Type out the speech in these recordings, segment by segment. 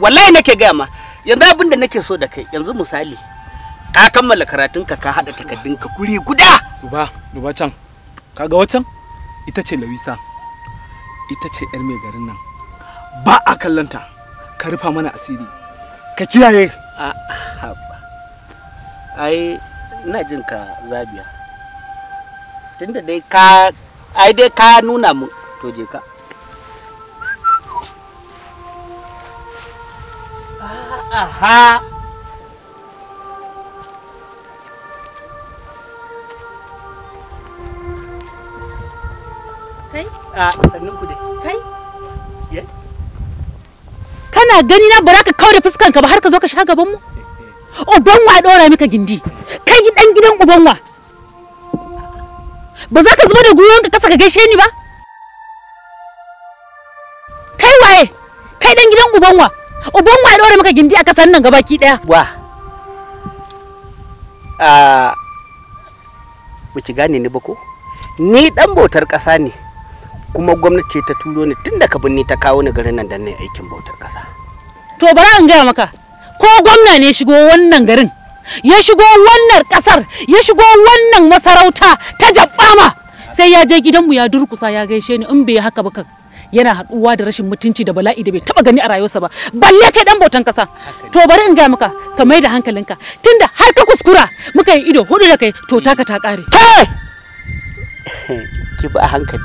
wallahi nake gaya ma yanzu abin da nake so da kai yanzu misali ka kammala karatun ka ka hada takardun ka kuri guda duba duba can kaga wacan ita ce lawisa ita ce yar mai garin nan ba a kallanta ka rufa mana asiri ka kiyaye a ai ina jin ka zabiya tunda dai ka ai dai ka nuna mu to je ka aha kana gani na za ka kawo da fuskanka ba har ka zo ka sha gaban mu ubanwa ya dora maka gindi kai dan gidan ubanwa ba za ka zuba da gwiwanka kasa ka gaishe ni ba kai waye kai dan gidan ubanwa uban wa dore maka gindi a ƙasar nan gabaki daya wa a buci gane ni ba ko ni dan bautar kasa ne kuma gwamnati ta turo ni tun daga birni ta kawo ni garin nan dan ne aikin bautar kasa to bara an gaya maka ko gwamna ne shigo wannan garin ya shigo wannan kasar ya shigo wannan masarauta ta ma sai ya je gidanmu ya durkusa ya gaishe ni in bai haka ba yana haɗuwa da rashin mutunci da bala'i da bai taba gani a rayuwarsa ba balle kai dan bautan kasa to bari in ga maka ka mai da hankalinka tunda har ka kuskura muka yi ido hudu da kai to taka ta kare ki ba hankali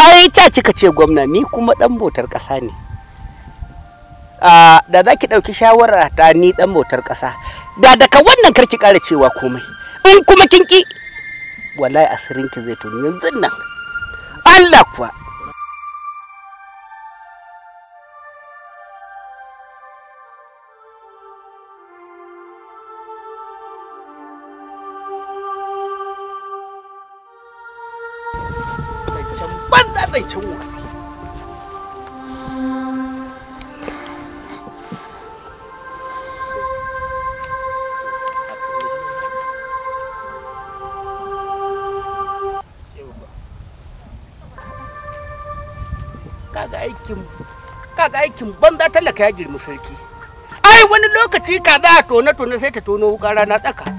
ai ta kika ce gwamna ni kuma dan bautar kasa ne da za ki ɗauki shawara ta ni dan bautar kasa da daga wannan karki ƙara cewa komai in kuma kin ki wallahi asirinki zai tuni yanzu nan Allah kuwa matsanancin wuri aikin banza talaka ya girmi sarki ai wani lokaci kaza a tone tone sai ta tono wuka rana tsaka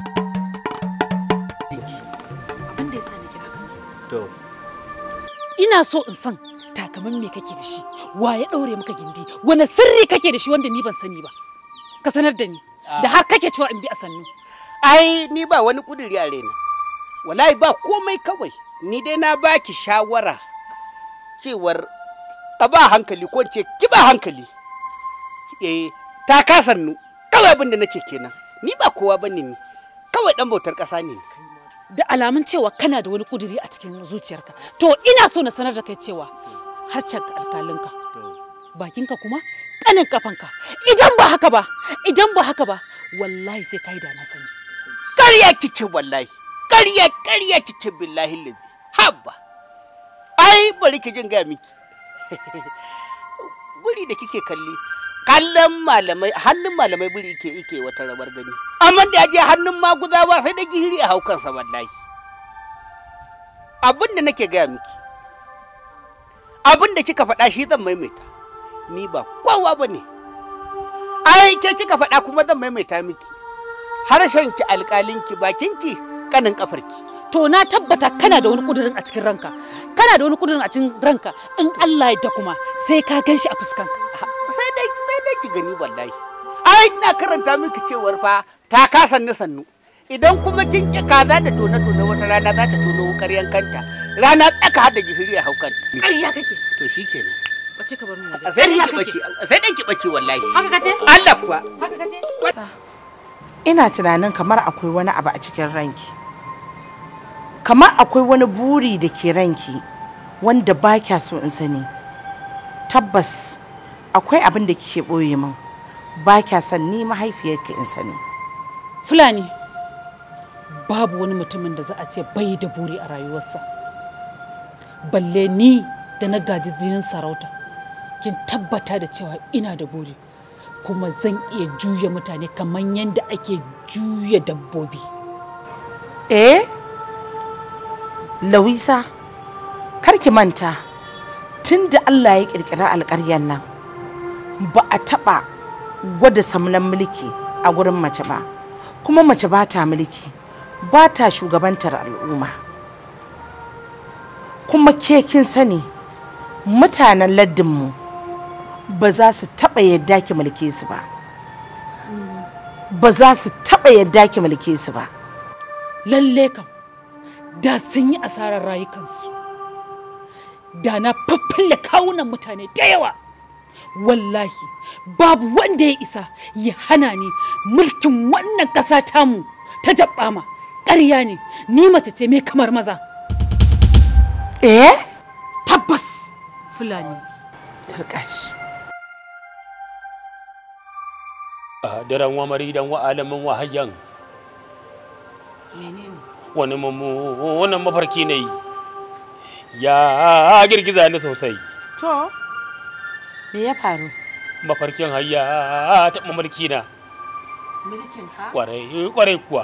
ina so in san takaman me kake da shi wa ya daure maka gindi wani sirri kake da shi wanda ni ban sani ba ka sanar da ni da har kake cewa in bi a sannu ai ni ba wani kuduri a rena wallahi ba komai kawai ni dai na baki shawara cewar a ba hankali ko ce ki ba hankali eh ta kasannu kawai abin da nake kenan ni ba kowa bane ni kawai dan bautar ƙasa ne ni da alamun cewa kana da wani kuduri a cikin zuciyarka to ina so na sanar da kai cewa harcen alkalinka bakinka kuma kanin kafanka idan ba haka ba idan ba haka ba wallahi sai kai da na sani karya kike wallahi karya karya kike billahi lazi habba ai bari ki jin ga miki guri da kike kalli kallon malamai hannun malamai buri ke ike wata rabar gani amma da je hannun maguza ba sai da gihiri a haukansa wallahi abin da nake gaya miki abin da kika faɗa shi zan maimaita ni ba kowa ba ne ai ke kika faɗa kuma zan maimaita miki harshenki alƙalinki bakinki kanin ki. to na tabbata kana da wani kudurin a cikin ranka kana da wani kudurin a cikin ranka in Allah ya da kuma sai ka ganshi a fuskanka ki gani wallahi ai ina karanta miki cewar fa ta ka sannu sannu idan kuma kin ki kaza da tona tona wata rana za ta tono wukar yankanta rana tsaka da gishiri a haukan ƙarya kake to shikenan bace ka bar mu waje ƙarya kake sai dan ki bace wallahi haka kace Allah kuwa haka kace ina tunanin kamar akwai wani abu a cikin ranki kamar akwai wani buri da ke ranki wanda ba kya so in sani tabbas akwai abin da kike ɓoye min ba kya san ni mahaifiyarki in sani fulani babu wani mutumin da za a ce bai da buri a rayuwarsa balle ni da na gaji jinin sarauta kin tabbata da cewa ina da buri kuma zan iya juya mutane kamar yadda ake juya dabbobi eh lawisa kar ki manta tun da allah ya kirkira alƙaryar nan ba a taɓa gwada samnan mulki a gurin mace ba kuma mace ba ta mulki ba ta shugabantar al'umma kuma ke kin sani mutanen laddinmu ba za su taɓa yadda ki mulke su ba ba za su taɓa yadda ki mulke su ba lalle kam da sun yi asarar rayukansu da na faffalle kawunan mutane da yawa wallahi babu wanda ya isa ya hana ni mulkin wannan ƙasa tamu ta jabba ma ƙarya ne ni mace ce mai kamar maza eh tabbas fulani tarkashi a ah, daren wa maridan wa alamin wa hayyan wani mummunan mafarki ne ya girgiza ni sosai to me ya faru mafarkin hayya taɓa mulki na mulkin ka kwarai kwarai kuwa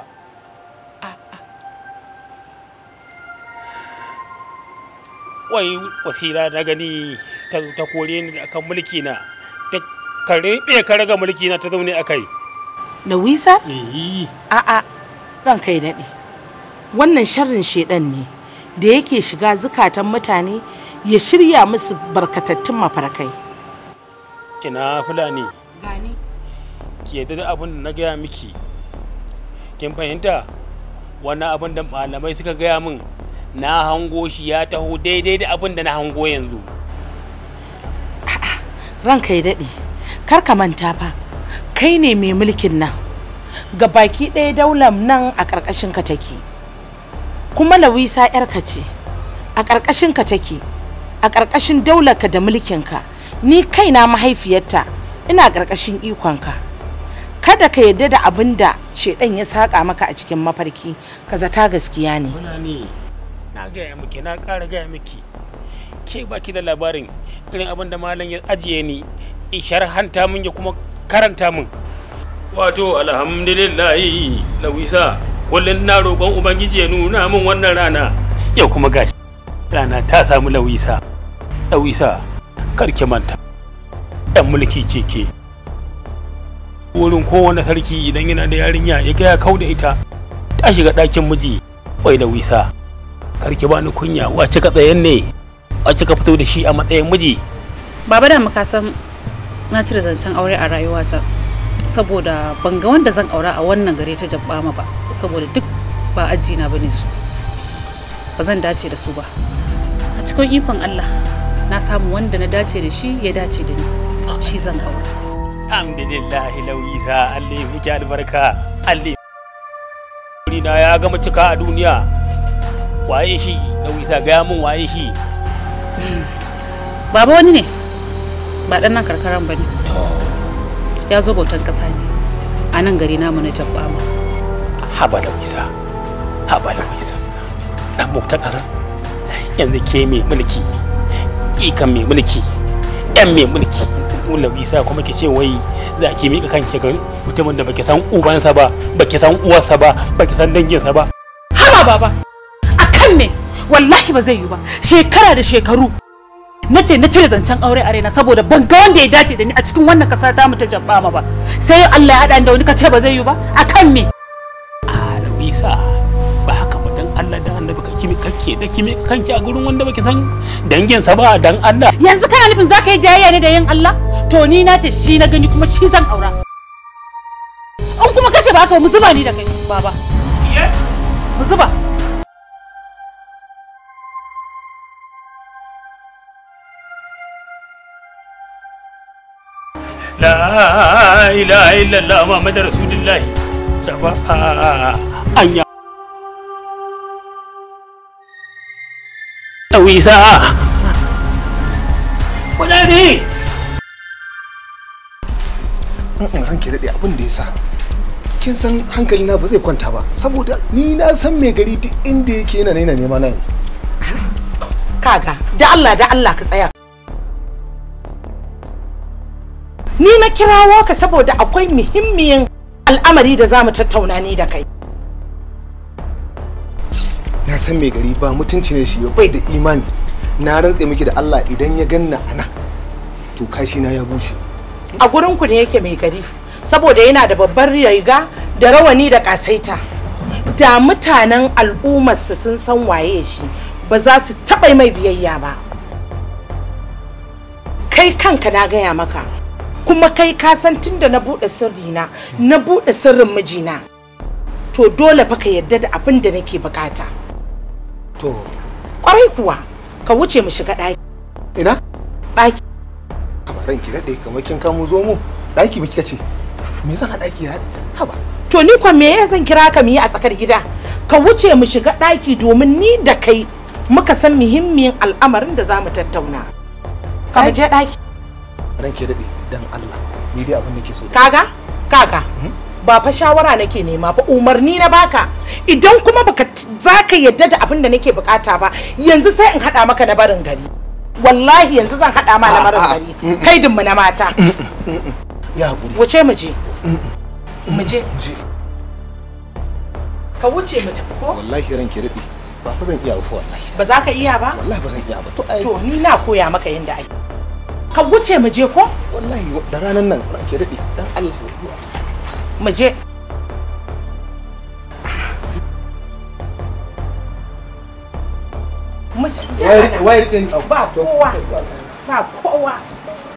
wai wasila na gani ta kore ni akan mulki na ta karbe karaga mulki na ta zaune a kai na wisa eh. a a ran kai dade. wannan sharrin shedan ne da yake shiga zukatan mutane ya shirya musu barkatattun mafarkai ina fulani gani ki yadda da abin da na gaya miki kin fahimta wani abin da malamai suka gaya min na hango shi ya taho daidai da abin da na hango yanzu ranka ya daɗe kar ka manta fa kai ne mai mulkin nan ga baki ɗaya daular nan a ƙarƙashin ka take kuma lawisa 'yarka ce a ƙarƙashin ka take a ƙarƙashin daular ka da mulkin ka ni kaina mahaifiyarta ina ƙarƙashin ikonka kada ka yarda da abin da shedan ya saƙa maka a cikin mafarki ka zata gaskiya ne na gaya miki na ƙara gaya miki ke baki da labarin irin abin da malam ya ajiye ni in sharhanta min ya kuma karanta min wato alhamdulillahi lawisa kullum na roƙon ubangiji ya nuna min wannan rana yau kuma gashi rana ta samu lawisa lawisa karki manta 'yan mulki ce ke wurin kowane sarki idan yana da yarinya ya gaya kau da ita ta shiga ɗakin miji bai da wisa karki bani kunya wace ka tsayen ne a cika fito da shi a matsayin miji baba da muka san na cire zancen aure a rayuwata saboda ban ga wanda zan aura a wannan gare ta jabbama ba saboda duk ba ajina bane su ba zan dace da su ba a cikin ikon Allah na samu wanda na dace da shi ya dace da ni shi zan ɗauka. Alhamdulillahi lauyi sa Allah ya huce albarka Allah na ya gama cika a duniya waye shi lauyisa sa gaya min waye shi. Baba wani ne ba ɗan nan karkaran ba ne. Ya zo bautan ƙasa ne a nan gari namu na jabba ma. Haba lauyisa haba lauyisa ɗan bautan ƙasa yanzu ke mai mulki ikan mai mulki 'yan mai mulki kula isa kuma ki ce wai za ki mika kanki ga mutumin da baki san ubansa ba baki san uwarsa ba baki san danginsa ba haba baba akan me wallahi ba zai yi ba shekara da shekaru na ce na cire zancen aure a raina saboda ban ga wanda ya dace da ni a cikin wannan kasa ta mu ta jabba ba sai Allah ya ni da wani ka ce ba zai yi ba akan me a ba haka ba dan Allah da annabi ka kimi kake da kimi kanki a gurin wanda baki san danginsa ba dan Allah yanzu kana nufin zaka yi jayayya ne da yin Allah to ni na ce shi na gani kuma shi zan aura an kuma kace ba ka mu zuba ni da kai baba mu zuba la ilaha illallah muhammadur rasulullah shafa'a anya wisa kudade in ranke daɗe abin da ya sa kin san hankalina ba zai kwanta ba saboda ni na san mai gari duk inda yake yana yana nema na yanzu kaga da Allah da Allah ka tsaya ni na kirawo ka saboda akwai muhimmiyin al'amari da za mu tattauna ni da kai na san mai gari ba mutunci ne shi bai da imani na rantse miki da Allah idan ya ganna ana to kashi na ya bushe a gurin ku ne yake mai gari saboda yana da babbar riga da rawani da kasaita da mutanen al'ummarsa sun san waye shi ba za su taɓa mai biyayya ba kai kanka na gaya maka kuma kai ka san tunda na buɗe sirri na buɗe sirrin mijina to dole fa ka yarda da abin da nake bukata to kwarai kuwa ka wuce mu shiga ɗaki ina ranki daɗe kamar kin kamo zo mu ɗaki ba kika ce me zan daki ki haba to ni kwa me zan kira ka mu yi a tsakar gida ka wuce mu shiga ɗaki domin ni da kai muka san muhimmin al'amarin da za mu tattauna ka mu je ɗaki ranki daɗe dan Allah ni dai abin da ke so kaga kaga mhm. ba fa shawara nake nema ba umarni na baka idan kuma baka zaka yadda da abin da nake bukata ba yanzu sai in hada maka na barin gari wallahi yanzu zan haɗa ma lamarin gari mu na mata mm, mm, mm, ya hakuri wuce mu je mu je ka wuce mu tafi ko wallahi ranke rabi ba fa zan iya ba wallahi ba za ka iya ba wallahi ba zan iya ba to ai to ni na koya maka yanda ai ka wuce mu je ko wallahi da ranan nan ranke rabi dan Allah mu je wai rike wai kowa ba kowa